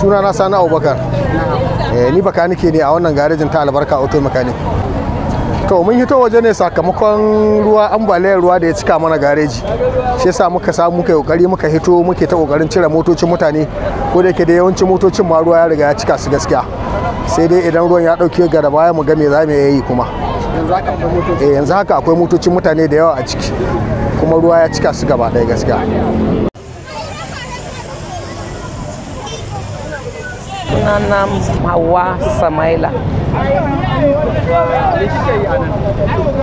suna na sani abubakar eh, ni baka nike ne a wannan garejin ta albarka auto mechanic to mun hito waje ne sakamakon ruwa ambaliyar ruwa da ya cika mana gareji shi yasa muka samu muka kokari muka hito muke ta kokarin cire motocin mutane ko da yake da yawancin motocin ma ruwa ya riga ya cika su gaskiya sai dai idan ruwan ya dauke ga baya mu ga me za mu yi kuma eh, yanzu haka akwai motocin mutane da yawa a ciki kuma ruwa ya cika su gaba ɗaya gaskiya sunana hawa samaila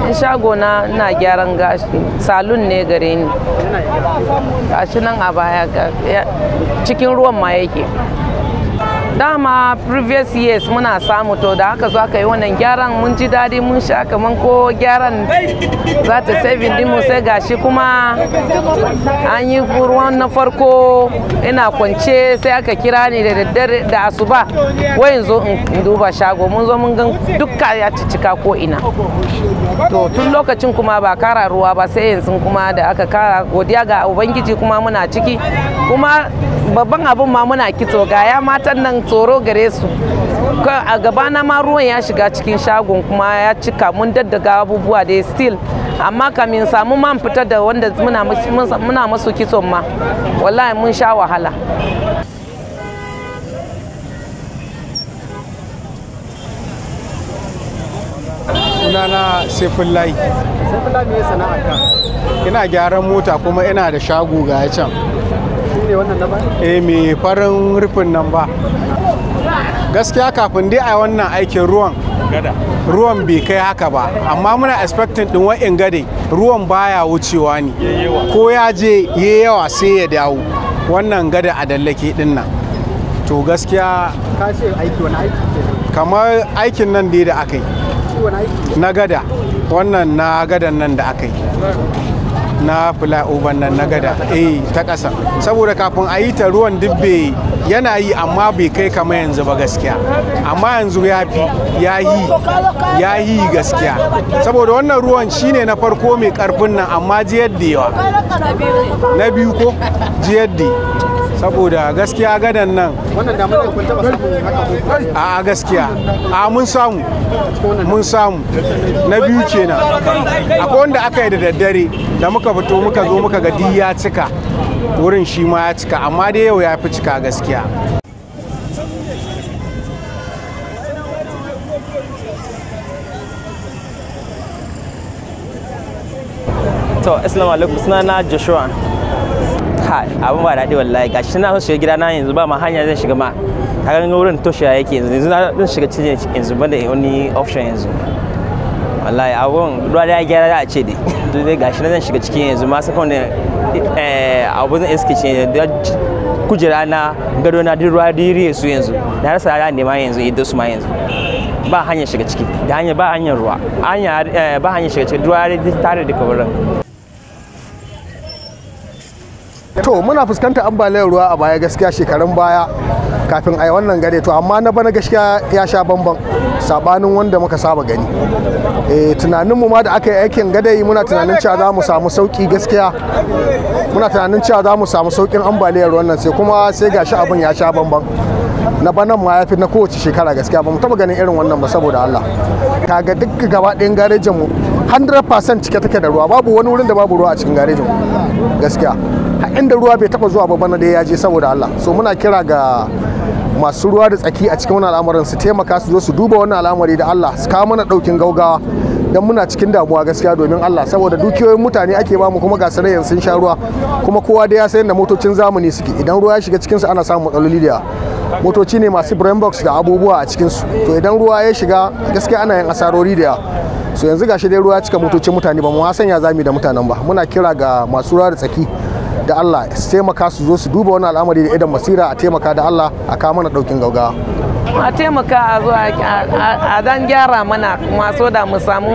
in shago na gyaran gashi salon ne gare ni gashi nan a baya cikin ruwan ma yake dama previous years muna samu to da haka zo aka yi wannan gyaran mun ji daɗi mun sha kaman ko gyaran za ta saving dinmu sai gashi kuma an yi ruwan na farko ina kwance sai aka kira ni da daddare da asuba wayan zo in duba shago mun zo mun gan dukka ya cicika ko ina to tun lokacin kuma ba kara ruwa ba sai yanzu kuma da aka kara godiya ga ubangiji kuma muna ciki kuma babban abin ma muna kitso ga ya matan nan tsoro gare su a gabana ma ruwan ya shiga cikin shagon kuma ya cika mun daddaga abubuwa da still amma kamin samu man fita da wanda muna masu kitson ma wallahi mun sha wahala sunana sefullahi sefullahi me sana'a ka ina gyaran mota kuma ina da shago ga can ne wannan na eh mai farin rufin nan ba gaskiya kafin dai a wannan aikin ruwan ruwan bai kai haka ba amma muna expecting din wa'in gade ruwan baya wucewa ne ko ya je ya yawa sai ya dawo wannan gada a dallake din nan to gaskiya ka ce aiki wani aiki kamar aikin nan dai da aka yi na gada wannan na gadan nan da aka yi na flyover nan na gada eh ta ƙasa saboda kafin a yi ta ruwan dubbe yana yi amma bai kai kama yanzu ba gaskiya amma yanzu ya fi ya yi ya yi gaskiya saboda wannan ruwan shine na farko mai karfin nan amma jiyar da yawa na biyu ko jiyar da saboda gaskiya gadan nan a gaskiya a mun samu mun samu na biyu kenan akwai wanda aka yi da daddare da muka fito muka zo muka ga ya cika wurin shi ma ya cika amma da yau ya fi cika gaskiya to assalamu alaikum sunana joshua ha abin ba daɗi wallahi shi na so shiga gida na yanzu ba ma hanya zan shiga ma kaga ga wurin toshiya yake yanzu yanzu na zan shiga cikin yanzu ban da wani option yanzu wallahi abun ruwa da gyara da a ce dai yanzu dai na zan shiga cikin yanzu ma sakon da eh, abu zan iske ce kujera na gado na duk ruwa diri su yanzu na rasa da ma yanzu idan su ma yanzu ba hanyar shiga ciki da hanya ba hanyar ruwa hanya eh, ba hanyar shiga ciki ruwa tare da kawarin to muna fuskantar ambaliyar ruwa a baya gaskiya shekarun baya kafin a yi wannan gare to amma na bana gaskiya ya sha bamban sabanin wanda muka saba gani e, tunaninmu ma da aka yi aikin gadai muna tunanin cewa za mu samu sauki gaskiya muna tunanin cewa za mu samu saukin ambaliyar wannan sai kuma sai gashi abin ya sha bamban na banan ma ya fi na kowace shekara gaskiya ba mu taba ganin irin wannan ba saboda Allah kaga duk gaba ɗayan garejin mu 100% cike take da ruwa babu wani wurin da babu ruwa a cikin garejin gaskiya inda ruwa bai taba zuwa ba bana da ya je saboda Allah so muna kira ga masu ruwa da tsaki a cikin wani al'amarin su taimaka su zo su duba wannan al'amari da Allah su kawo mana daukin gaugawa dan muna cikin damuwa gaskiya domin Allah saboda dukiyoyin mutane ake ba mu kuma ga sarayen sun sha ruwa kuma kowa da ya san yadda motocin zamani suke idan ruwa ya shiga cikin su ana samun matsaloli da motoci ne masu brain box da abubuwa a cikin su to idan ruwa ya shiga gaskiya ana yin asarori da so yanzu gashi dai ruwa ya cika motocin mutane ba mu ya zami da mutanen ba muna kira ga masu ruwa da tsaki da Allah su taimaka su zo su duba wani al'amari da idan masira a taimaka da Allah a kawo mana daukin gauga. a taimaka a zo a dan gyara mana kuma so da mu samu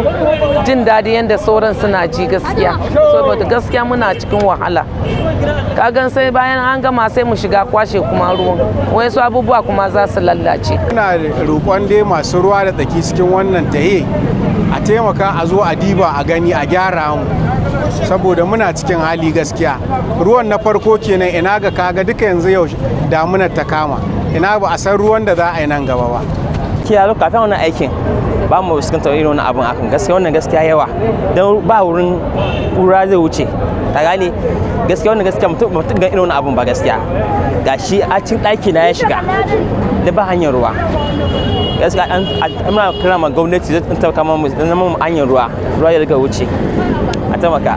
jin daɗi yadda sauran suna ji gaskiya saboda gaskiya muna cikin wahala kagan sai bayan an gama sai mu shiga kwashe kuma ruwan wai su abubuwa kuma za su lallace ina roƙon dai masu ruwa da tsaki cikin wannan tahe a taimaka a zo a diba a gani a gyara mu saboda muna cikin hali gaskiya ruwan na farko kenan ina ga kaga duka yanzu yau damunar ta kama ina ba a san ruwan da za a yi nan gaba ba gaskiya kafin wannan aikin ba mu fuskantar irin wani abin akan gaskiya wannan gaskiya yawa don ba wurin kura zai wuce ta gane gaskiya wannan gaskiya mutum ga irin wani abin ba gaskiya gashi a cikin ɗaki na ya shiga da ba hanyar ruwa gaskiya an amma kira ma gwamnati zai taimaka mu hanyar ruwa ruwa ya riga wuce taimaka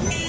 Thank you.